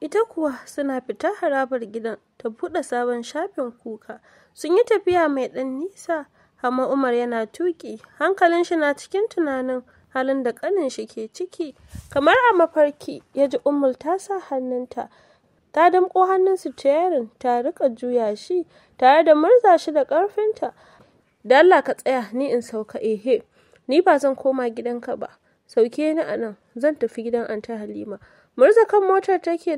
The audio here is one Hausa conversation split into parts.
ita kuwa suna fita harabar gidan ta buɗe sabon shafin kuka sun yi tafiya mai ɗan nisa amma umar yana tuki hankalin shi na cikin tunanin halin da ƙanin shi ke ciki kamar a mafarki ya ji umar ta sa hannunta ta damƙo hannun sitiyarin ta rika juya shi tare da murza shi da ƙarfinta da Allah ka tsaya ni in sauka ehe ni ba zan koma gidanka ba sauke ni a nan zan tafi gidan anta halima murza kan motar take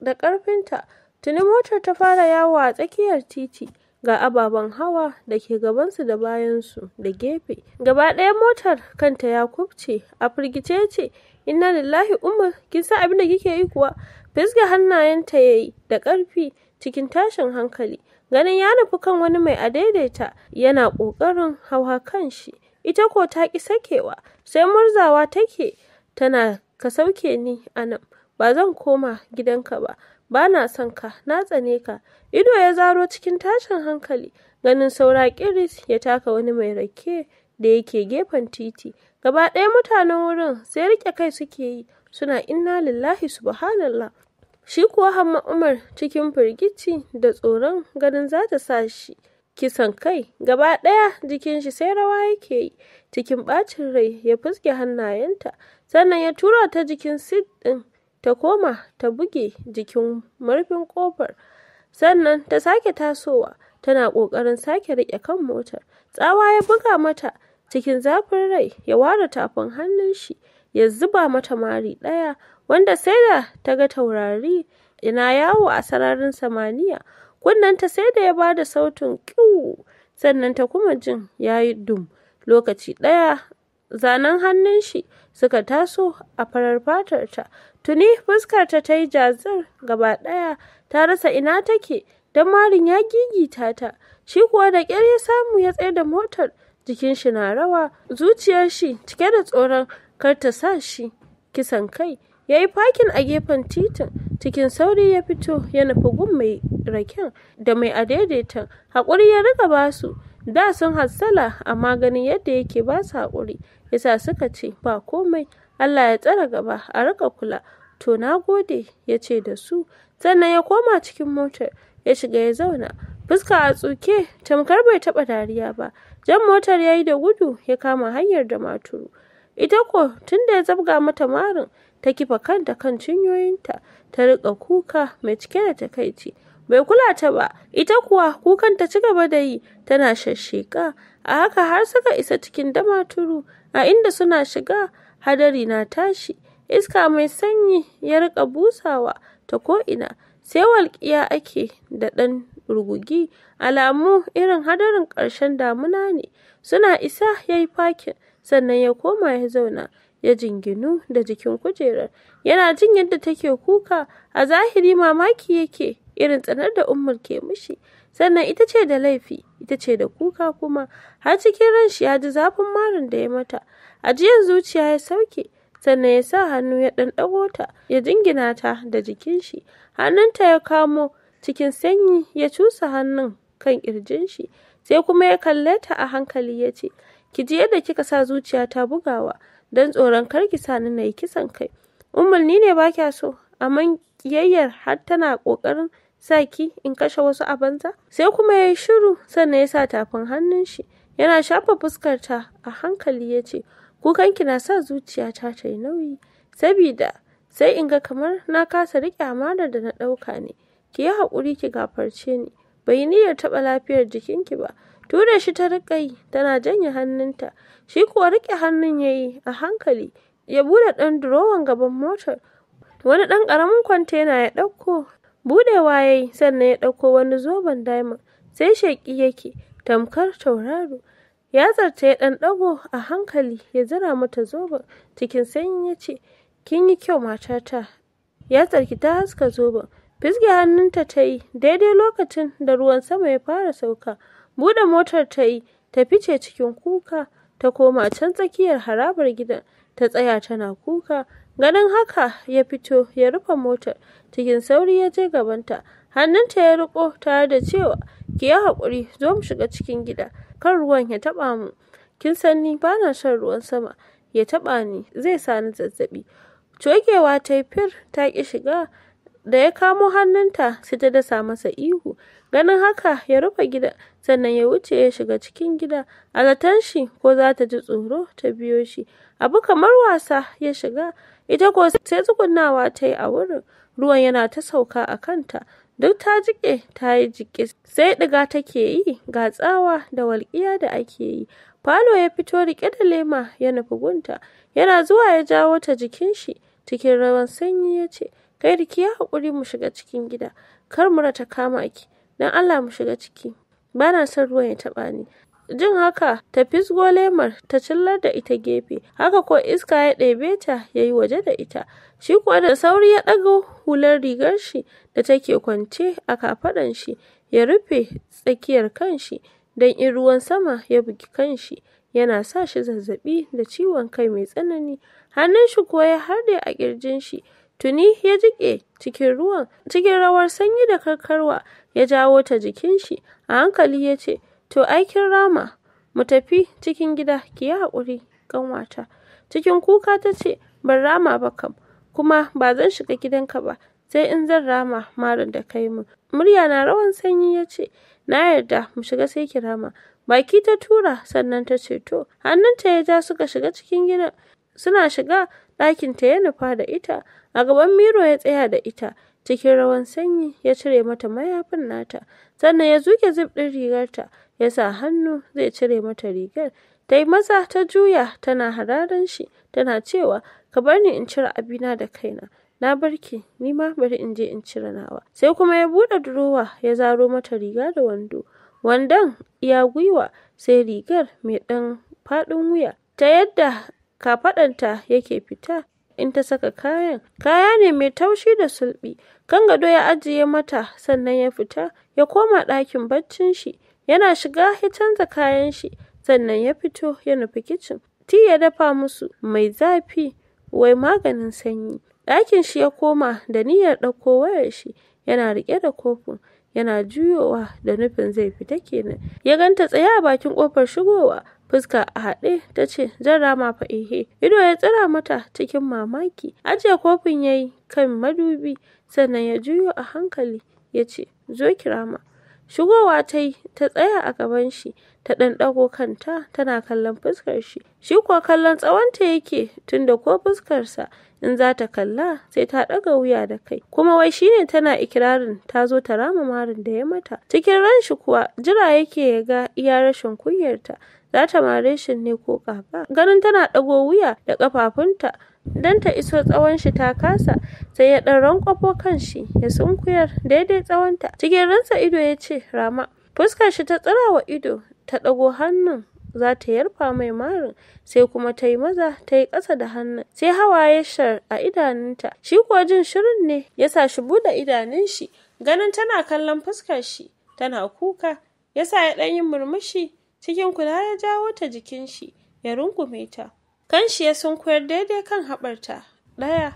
da ƙarfinta tuni motar ta fara yawo a tsakiyar titi ga ababen hawa da ke gabansu da bayansu da gefe gaba ɗaya motar kanta ya kubce a firgice ce inna lillahi umar kin san abin da kike yi kuwa fisga hannayenta ya yi da ƙarfi cikin tashin hankali ganin ya nufi kan wani mai adaidaita yana ƙoƙarin hawa kan shi ita ko ta ƙi sakewa sai murzawa take tana ka sauke ni a nan Ba zan koma gidanka ba, ba na son ka, na tsane ka. Ido ya zaro cikin tashin hankali, ganin saura ƙiris ya taka wani mai rake da yake gefen titi. Gaba ɗaya mutanen wurin sai rike kai suke yi, suna inna lillahi subhanallah. Shi kuwa Hamma Umar cikin firgici da tsoron ganin za ta sa shi kisan kai, gaba ɗaya jikin shi sai rawa yake yi, cikin bacin rai ya fuske hannayenta, sannan ya tura ta jikin sit ɗin ta koma ta buge jikin murfin kofar, sannan ta sake tasowa tana ƙoƙarin sake riƙe kan motar tsawa ya buga mata cikin zafin rai ya ware tafin hannun shi ya zuba mata mari ɗaya wanda sai da ta ga taurari ina yawo a sararin samaniya kunnanta sai da ya ba da sautin ƙiwu sannan ta kuma jin ya yi dum lokaci ɗaya zanen hannun shi suka taso a farar fatar ta. tuni fuskarta ta yi jazir gaba ɗaya ta rasa ina take don marin ya gigita ta shi kuwa da ƙyar ya samu ya tsaye da motar jikin shi na rawa zuciyar shi cike da tsoron kar ta sa shi kisan kai ya yi fakin a gefen titin cikin sauri ya fito ya nufi gun mai raken da mai adaidaitan haƙuri ya riga basu Da sun hassala amma ganin yadda yake ba su haƙuri yasa suka ce, "Ba komai, Allah ya tsara gaba, a riƙa kula." "To na gode," ya ce da su, sannan ya koma cikin motar, ya shiga ya zauna, fuska a tsuke, tamkar bai taɓa dariya ba. Jan motar ya yi da gudu ya kama hanyar da maturu. Ita ko tunda ya zabga mata marin, ta kifa kanta kan cinyoyinta, ta riƙa kuka mai cike da takaici. bai kula ta ba ita kuwa kukan ta ci gaba da yi tana shasheka a haka har suka isa cikin damaturu a inda suna shiga hadari na tashi iska mai sanyi ya rika busawa ta ko'ina sai walƙiya ake da ɗan rugugi alamu irin hadarin ƙarshen damuna ne suna isa ya yi fakin sannan ya koma ya zauna ya jinginu da jikin kujerar yana jin yadda take kuka a zahiri mamaki yake irin tsanar da umar ke mushi? sannan ita ce da laifi ita ce da kuka kuma har cikin ran shi ya ji zafin marin da ya mata ajiyar zuciya ya sauke sannan ya sa hannu ya ɗan ta ya jingina ta da jikin shi hannunta ya kamo cikin sanyi ya cusa hannun kan ƙirjin shi sai kuma ya kalle ta a hankali ya ce ki ji yadda kika sa zuciya ta bugawa don tsoron kar ki sani na yi kisan kai umar ni ne ba kya so amma kiyayyar har tana ƙoƙarin saki in kashe wasu a banza sai kuma ya yi shiru sannan ya sa tafin hannun shi yana shafa fuskarta a hankali ya ce kukanki na sa zuciyata ta yi nauyi sabida sai in ga kamar na kasa riƙe amanar da na ɗauka ne ki yi haƙuri ki gafarce ni bai yi niyyar taɓa lafiyar jikinki ba tura shi ta riƙe tana janye hannunta shi kuwa riƙe hannun ya yi a hankali ya buɗe ɗan durowan gaban motar wani ɗan ƙaramin kwantena ya ɗauko buɗewa ya sannan ya ɗauko wani zoben diamond sai shaƙi yake tamkar tauraro yatsarta ya ɗan ɗago a hankali ya zira mata zoben cikin sanyi ya ce kin yi kyau matata yatsarki ta haska zoben fisge hannunta ta yi daidai lokacin da ruwan sama ya fara sauka buɗe motar ta yi ta fice cikin kuka ta koma can tsakiyar harabar gidan ta tsaya tana kuka Ganin haka ya fito ya rufe motar cikin sauri ya je gabanta. Hannunta ya riko tare da cewa ki yi haƙuri zo mu shiga cikin gida kan ruwan ya taɓa mu. Kin san ni ba na shan ruwan sama ya taɓa ni zai sa ni zazzaɓi. Cokewa ta fir ta ki shiga da ya kamo hannunta sai ta dasa masa ihu ganin haka ya rufe gida sannan ya wuce ya shiga cikin gida a zaton shi ko za ta ji tsoro ta biyo shi abu kamar wasa ya shiga ita ko sai tsugunnawa ta yi a wurin ruwan yana ta sauka a kanta duk ta jiƙe ta yi jiƙe sai ɗiga take yi ga tsawa da walƙiya da ake yi falo ya fito riƙe da lema ya nufi gunta yana zuwa ya jawo ta jikin shi cikin rawan sanyi ya ce kai da ki haƙuri mu shiga cikin gida kar mura ta kama ki don allah mu shiga ciki ba na son ruwan ya taɓa ni Jin haka ta fisgo lemar ta cillar da ita gefe, haka ko iska ya ɗebe ta ya yi waje da ita, shi kuwa da sauri ya ɗago hular rigar shi da take kwance a kafaɗan shi ya rufe tsakiyar kanshi don in ruwan sama ya bugi kanshi yana sa shi zazzaɓi da ciwon kai mai tsanani, hannun shi kuwa ya harde a ƙirjin shi. tuni ya jike cikin ruwan cikin rawar sanyi da karkarwa ya jawo ta jikin shi a hankali ya ce To aikin rama, mu tafi cikin gida ki yi haƙuri ƙanwata. Cikin kuka ta ce, ban rama ba kam, kuma ba zan shiga gidanka ba, sai in zan rama marin da kai mu Murya na rawan sanyi ya ce, na yarda mu shiga sai ki rama. Baki ta tura sannan ta ce to, hannunta ya ja suka shiga cikin gidan. Suna shiga ɗakinta ya nufa da ita, a gaban miro ya tsaya da ita. Cikin rawan sanyi ya cire mata mayafin nata, sannan ya zuke zib ɗin rigarta. ya sa hannu zai cire mata rigar. Ta yi maza ta juya tana hararan shi tana cewa ka bar ni in cire abina da kaina. Na barki ni ma bari in je in cire nawa. Sai kuma ya buɗe durowa ya zaro mata riga da wando. Wandon iya gwiwa sai rigar mai ɗan faɗin wuya ta yadda kafaɗanta yake fita in ta saka kayan. Kaya ne mai taushi da sulbi. Kan gado ya ajiye mata sannan ya fita ya koma ɗakin baccin shi. Yana shiga ya canza kayan shi sannan ya fito ya nufi kicin. Ti ya dafa musu mai zafi wai maganin sanyi. Ɗakin shi ya koma da niyyar ɗauko wayar shi yana riƙe da kofin yana juyowa da nufin zai fita kenan. Ya ganta tsaya a bakin kofar shigowa fuska a haɗe ta ce zan rama fa ehe. Ido ya tsira mata cikin mamaki. Ajiye kofin ya yi kan madubi sannan ya juyo a hankali ya ce zo kirama!" Shigowa ta yi, ta tsaya a gaban shi, ta ɗan kanta tana kallon fuskar shi. Shi kuwa kallon tsawonta yake tunda ko fuskarsa in za ta kalla sai ta ɗaga wuya da kai. Kuma wai shine tana ikirarin ta zo ta rama marin da ya mata. Cikin ran shi kuwa jira yake ya ga iya rashin kunyarta. Za ta mare shi ne ko kaka. Ganin tana ɗago wuya da ƙafafunta don ta iso tsawon shi ta kasa, sai ya ɗan rankwafo shi ya sunkuyar daidai tsawonta. Cikin ransa, ido ya ce, Rama, fuskar shi ta wa ido, ta ɗago hannun za ta yarfa mai marin sai kuma ta yi maza ta yi ƙasa da hannu. sai hawaye shar a idanunta shi kuwa jin shirin ne ya sa shi buɗe idanun shi ganin tana kallon fuskar shi tana kuka ya sa ya ɗan yi murmushi cikin kula ya jawo ta jikin shi ya rungume ta Kanshi ya sunkuyar daidai kan haɓarta ɗaya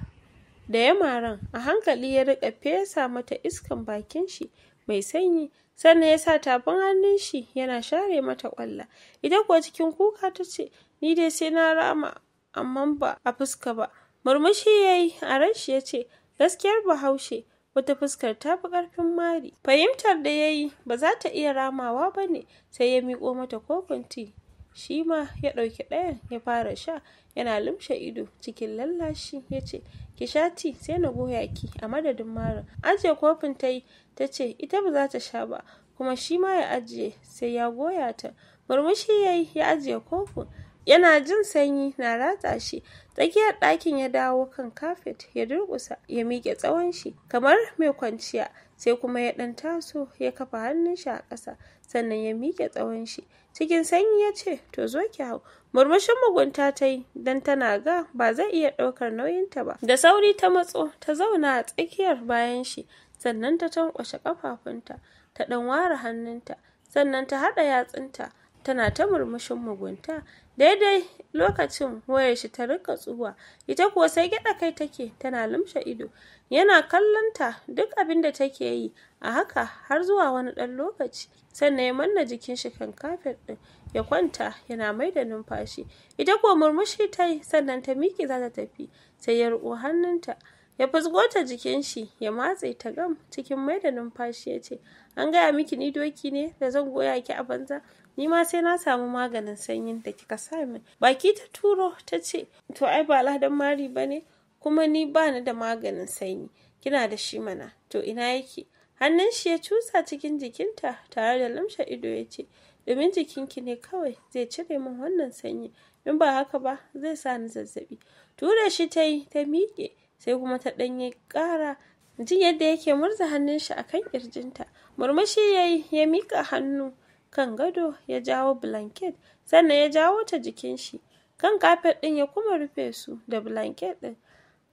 da ya maran, a hankali ya riƙa fesa mata iskan bakin shi mai sanyi, sannan ya sa tafin hannun shi yana share mata ƙwalla. Ita kuwa cikin kuka ta ce, Ni dai sai na rama, amma ba a fuska ba. Murmushi ya yi, a ran shi ya ce, Gaskiyar Bahaushe, wata fuskar ta fi ƙarfin mari. Fahimtar da ya yi ba za ta iya ramawa ba ne, sai ya miƙo mata kofin tea. shi ma ya ɗauki ɗayan ya fara sha yana lumshe ido cikin lallashi ya ce ki sha ti sai na goya ki a madadin mara ajiye kofin ta yi ta ce ita ba za ta sha ba kuma shi ma ya ajiye sai ya goya ta murmushi ya yi ya ajiye kofin yana jin sanyi na ratsa shi tsakiyar ɗakin ya dawo kan kafet ya durƙusa ya miƙe tsawon shi kamar mai kwanciya sai kuma ya ɗan taso ya kafa hannun shi a ƙasa sannan ya miƙe tsawon shi cikin sanyi ya ce to zo ki hau murmushin mugunta ta yi don tana ga ba zai iya ɗaukar nauyinta ba da sauri ta matso ta zauna a tsakiyar bayan shi sannan ta tankwashe ƙafafunta ta ɗan ware hannunta sannan ta haɗa yatsunta tana ta murmushin mugunta daidai lokacin wayar shi ta rika tsuwa ita kuwa sai gyada kai take tana lumshe ido yana kallonta duk abin da take yi a haka har zuwa wani dan lokaci sannan ya manna jikin shi kan kafet din ya kwanta yana mai da numfashi ita kuwa murmushi ta yi sannan ta miki za ta tafi sai ya riƙo hannunta ya fusgo ta jikin shi ya matse ta gam cikin mai da numfashi ya ce an gaya miki ni doki ne da zan goya ki a banza ni ma sai na samu maganin sanyin da kika sa min baki ta turo ta ce to ai ba ladan mari ba ne kuma ni ba ni da maganin sanyi kina da shi mana to ina yake hannun shi ya cusa cikin jikinta tare da lamshe ido ya ce domin jikinki ne kawai zai cire min wannan sanyi in ba haka ba zai sa ni zazzabi tura shi ta yi ta miƙe sai kuma ta ɗanye ƙara jin yadda yake murza hannun shi akan kirjinta murmushi ya yi ya miƙa hannu kan gado ya jawo blanket sannan ya jawo ta jikin shi kan kafet ɗin ya kuma rufe su da blanket ɗin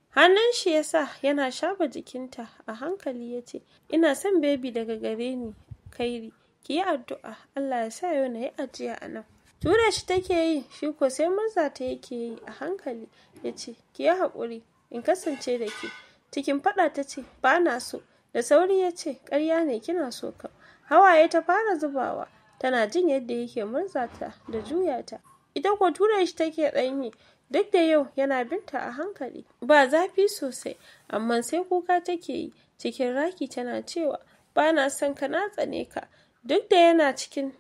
hannun shi ya sa yana shafa jikinta a hankali ya ce ina son baby daga gare ni kairi ki yi addu'a allah ya sa yau na yi ajiya a nan tura shi take yi shi ko sai murza ta yake yi a hankali ya ce ki yi haƙuri in kasance da ke cikin faɗa ta ce ba na so da sauri ya ce ƙarya ne kina so kam hawaye ta fara zubawa tana jin yadda yake murza ta da juya ta ita ko tura shi take tsanyi duk da yau yana binta a hankali ba zafi sosai amma sai kuka take yi cikin raki tana cewa ba na son ka na tsane ka duk da yana cikin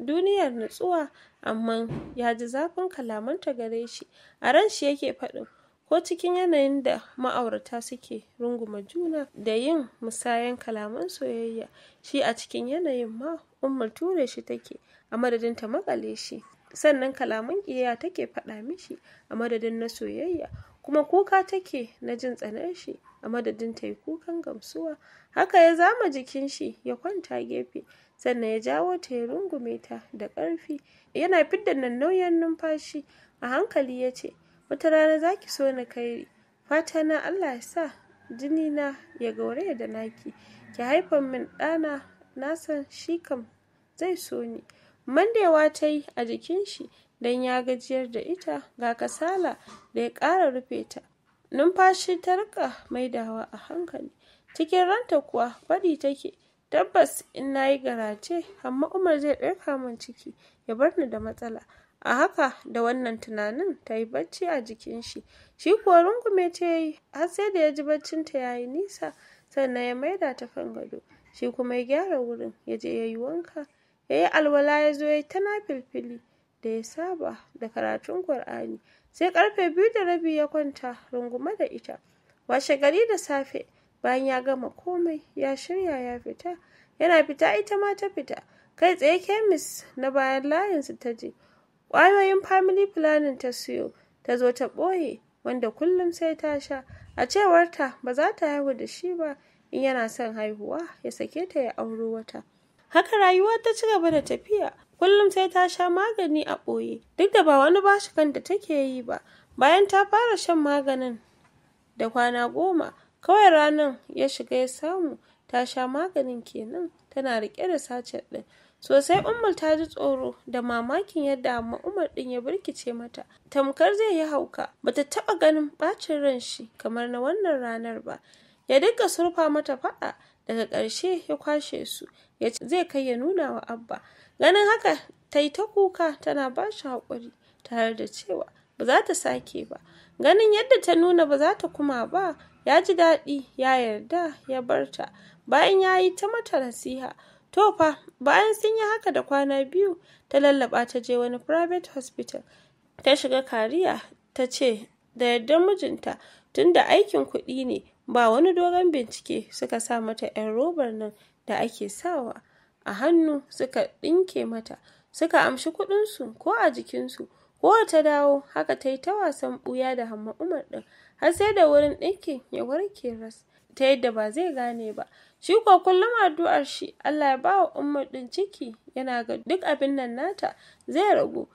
duniyar nutsuwa amma ya ji zafin kalamanta gare shi a ran shi yake faɗin ko cikin yanayin da ma'aurata suke runguma juna da yin musayan kalaman soyayya shi a cikin yanayin ma Ummar ture shi take a madadin ta makale shi sannan kalaman kiyaya take faɗa mishi a madadin na soyayya kuma kuka take na jin tsanar shi a madadin ta yi kukan gamsuwa haka ya zama jikin shi ya kwanta gefe sannan ya jawo ta ya rungume ta da ƙarfi yana fidda nan nauyin numfashi a hankali ya ce wata rana za ki so na kai? fata na allah ya sa jini na ya gauraya da naki ki haifan min ɗana na san shi kam zai so ni mandewa ta yi a jikin shi don ya gajiyar da ita ga kasala da ya ƙara rufe ta numfashi ta rika maidawa a hankali cikin ranta kuwa faɗi take tabbas in na yi garace amma umar zai ɗauka min ciki ya bar ni da matsala a haka da wannan tunanin ta yi bacci a jikin shi shi kuwa rungume ta yi har sai da ya ji baccinta ya yi nisa sannan ya maida ta kan gado shi kuma ya gyara wurin ya je ya yi wanka ya yi alwala ya zo ya yi ta filfili da ya saba da karatun Kur'ani. Sai karfe biyu da rabi ya kwanta runguma da ita. Washe gari da safe bayan ya gama komai ya shirya ya fita. Yana fita ita ma ta fita. Kai tsaye kemis na bayan layinsu ta je. Ƙwayoyin family planning ta siyo ta zo ta ɓoye wanda kullum sai ta sha. A cewarta ba za ta haihu da shi ba in yana son haihuwa ya sake ta ya auro wata. Haka rayuwa ta ci gaba da tafiya, kullum sai ta sha magani a ɓoye, duk da ba wani bashi kanta take yi ba. Bayan ta fara shan maganin da kwana goma, kawai ranar ya shiga ya samu ta sha maganin kenan tana riƙe da sacet ɗin. Sosai Ummul ta ji tsoro da mamakin yadda amma Umar din ya birkice mata. Tamkar zai yi hauka, bata taɓa ganin bacin ran shi kamar na wannan ranar ba. Ya dinka surfa mata faɗa daga ƙarshe ya kwashe su ya ce zai kai ya nuna wa abba ganin haka ta yi ta kuka tana ba shi haƙuri tare da cewa ba za ta sake ba ganin yadda ta nuna ba za ta kuma ba ya ji daɗi ya yarda ya bar ta bayan ya yi ta mata nasiha to fa bayan sun yi haka da kwana biyu ta lallaba ta je wani private hospital ta shiga kariya ta ce da yardar mijinta tunda aikin kuɗi ne ba wani dogon bincike suka sa mata 'yan robar nan da ake sawa a hannu suka ɗinke mata suka amshi kuɗinsu ko a jikinsu ko ta dawo haka ta yi ta wasan ɓuya da hamma umar ɗin har sai da wurin ɗinkin ya warke ras ta yadda ba zai gane ba shi ko kullum addu'ar shi Allah ya bawa umar ɗin ciki yana ga duk abin nan nata zai ragu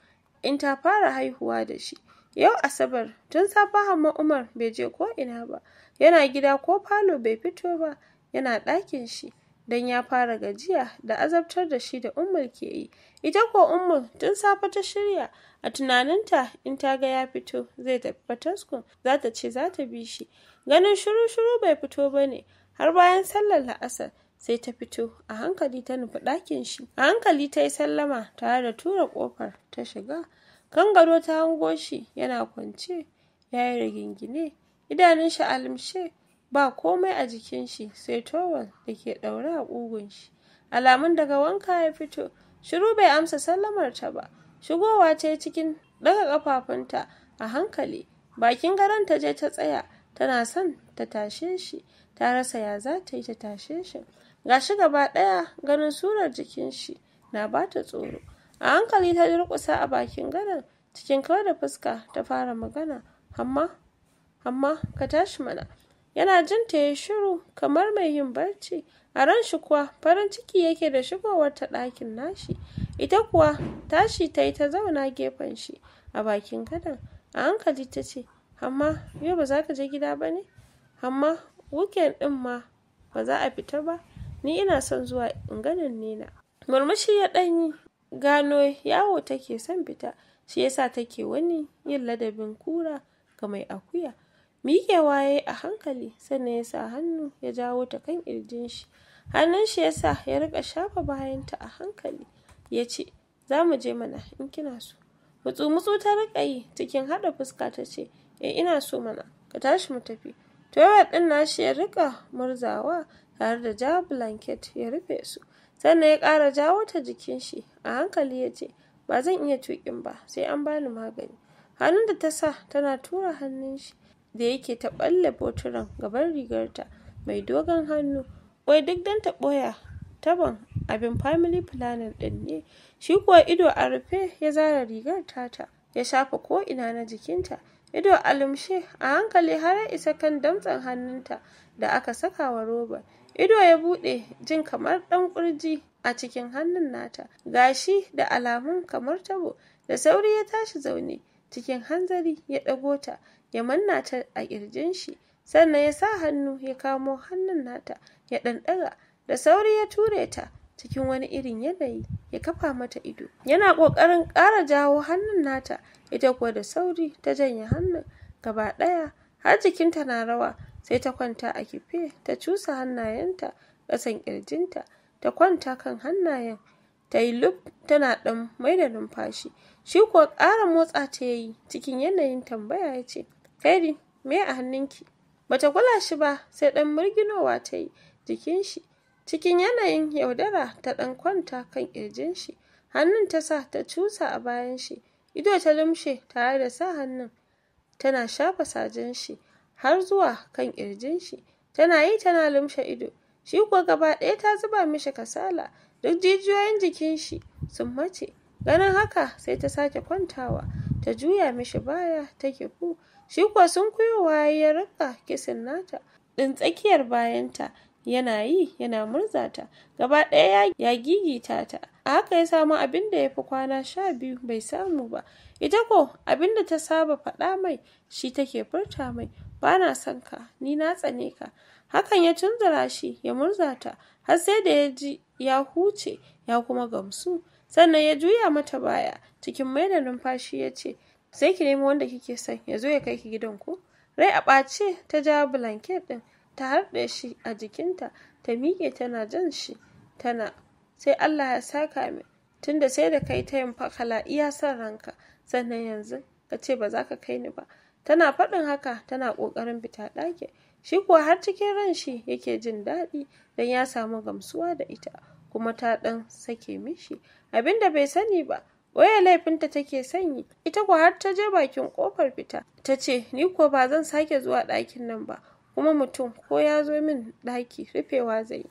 in ta fara haihuwa da shi yau asabar tun safa hamma umar bai je ko ina ba Yana gida ko falo bai fito ba, yana ɗakin shi don ya fara gajiya da azabtar da shi da Ummul ke yi. Ita ko Ummul tun safe ta shirya, a tunaninta in ta ga ya fito zai tafi Fataskun za ta ce za ta bi shi. Ganin shuru-shuru bai fito ba ne har bayan sallar la'asar sai ta fito a hankali ta nufi ɗakin shi. A hankali ta yi sallama tare da tura ƙofar ta shiga. Kan gado ta hango shi yana kwance ya yi rigingine idanun shi alimshe ba komai a jikin shi sai towel da ke ɗaure a ƙugun shi alamun daga wanka ya fito shiru bai amsa sallamar ta ba shigowa ce cikin daga kafafunta a hankali bakin garan ta je ta tsaya tana son ta tashe shi ta rasa ya za ta yi ta tashe shi gashi gaba ɗaya ganin surar jikin shi na bata tsoro a hankali ta durƙusa a bakin gadon cikin kawai da fuska ta fara magana amma amma ka tashi mana. Yana jin ta ya shiru kamar mai yin barci, a ran shi kuwa farin ciki yake da shigowar ta ɗakin nashi, ita kuwa tashi ta yi ta zauna gefen shi a bakin gadon, a hankali ta ce, Amma yau ba za ka je gida ba ne? Amma wukin ɗin ma ba za a fita ba, ni ina son zuwa in ganin nena. Murmushi ya ɗanyi gano yawo take son fita, shi yasa take wani yin ladabin kura ga mai akuya. Miƙewa ya a hankali sannan ya sa hannu ya jawo ta kan ƙirjin shi. Hannun shi ya sa ya riƙa shafa bayanta a hankali ya ce, Za mu je mana in kina so. Mutsu-mutsu ta rika yi cikin haɗa fuska ta ce, e, ina so mana, ka tashi mu tafi. Toilet ɗin nashi ya rika murzawa tare da ja blanket ya rufe su. sannan ya ƙara jawo ta jikin shi a hankali ya ce ba zan iya tuƙin ba sai an bani magani hannun da ta sa tana tura hannun shi da yake ta balle boturan gaban rigarta mai dogon hannu wai duk don ta ɓoya taban abin family planning din ne shi kuwa ido a rufe ya zara rigar tata ya shafa ko ina na jikinta ido a lumshe a hankali har ya isa kan damtsan hannunta da aka saka wa robar ido ya buɗe jin kamar ɗan ƙurji a cikin hannun nata gashi da alamun kamar tabo da sauri ya tashi zaune cikin hanzari ya ɗago ta ya manna ta a ƙirjin shi sannan ya sa hannu ya kamo hannun nata ya ɗanɗaga da sauri ya ture ta cikin wani irin yanayi ya kafa mata ido yana ƙoƙarin ƙara jawo hannun nata ita kuwa da sauri ta janye hannun gaba ɗaya har jikinta na rawa sai ta kwanta a kife ta cusa hannayenta ƙasan ƙirjinta ta kwanta kan hannayen ta yi lub tana ɗan mai da numfashi shi kuwa ƙara motsa ta yayi cikin yanayin tambaya ya ce Kairi, me a hannunki? Bata kula shi ba sai ɗan murginowa ta yi jikin shi. Cikin yanayin yaudara ta ɗan kwanta kan ƙirjin shi. Hannun ta sa ta cusa a bayan shi. Ido ta lumshe tare da sa hannun. Tana shafa sajen shi har zuwa kan ƙirjin shi. Tana yi tana lumshe ido. Shi kuwa gaba ɗaya ta zuba mishi kasala. Duk jijiyoyin jikin shi sun mace. Ganin haka sai ta sake kwantawa. Ta juya mishi baya take ku. shi kuwa sun kuyowa ya rika kisin nata ɗin tsakiyar bayanta yana yi yana murzata. gaba ɗaya ya gigita ta a haka ya samu abin da ya fi kwana sha biyu bai samu ba ita ko abin da ta saba faɗa mai shi take furta mai ba na son ka ni na tsane ka hakan ya tunzura shi ya murzata. har sai da ya ji ya huce ya kuma gamsu sannan ya juya mata baya cikin mai da numfashi ya ce sai ki nemi wanda kike son ya zo ya kai ki gidan ku rai a ɓace ta ja blanket ɗin ta harɗe shi a jikinta ta miƙe tana jan shi tana sai Allah ya saka min tunda sai da kai ta yin fakala iya son ranka sannan yanzu ka ce ba za ka kai ni ba tana faɗin haka tana ƙoƙarin fita ɗake shi kuwa har cikin ran shi yake jin daɗi don ya samu gamsuwa da ita kuma ta ɗan sake mishi abinda bai sani ba Waya laifinta take sanyi, ita kuwa har ta je bakin kofar fita. Ta ce, Ni ko ba zan sake zuwa ɗakin nan ba, kuma mutum ko ya zo min ɗaki rufewa zai yi.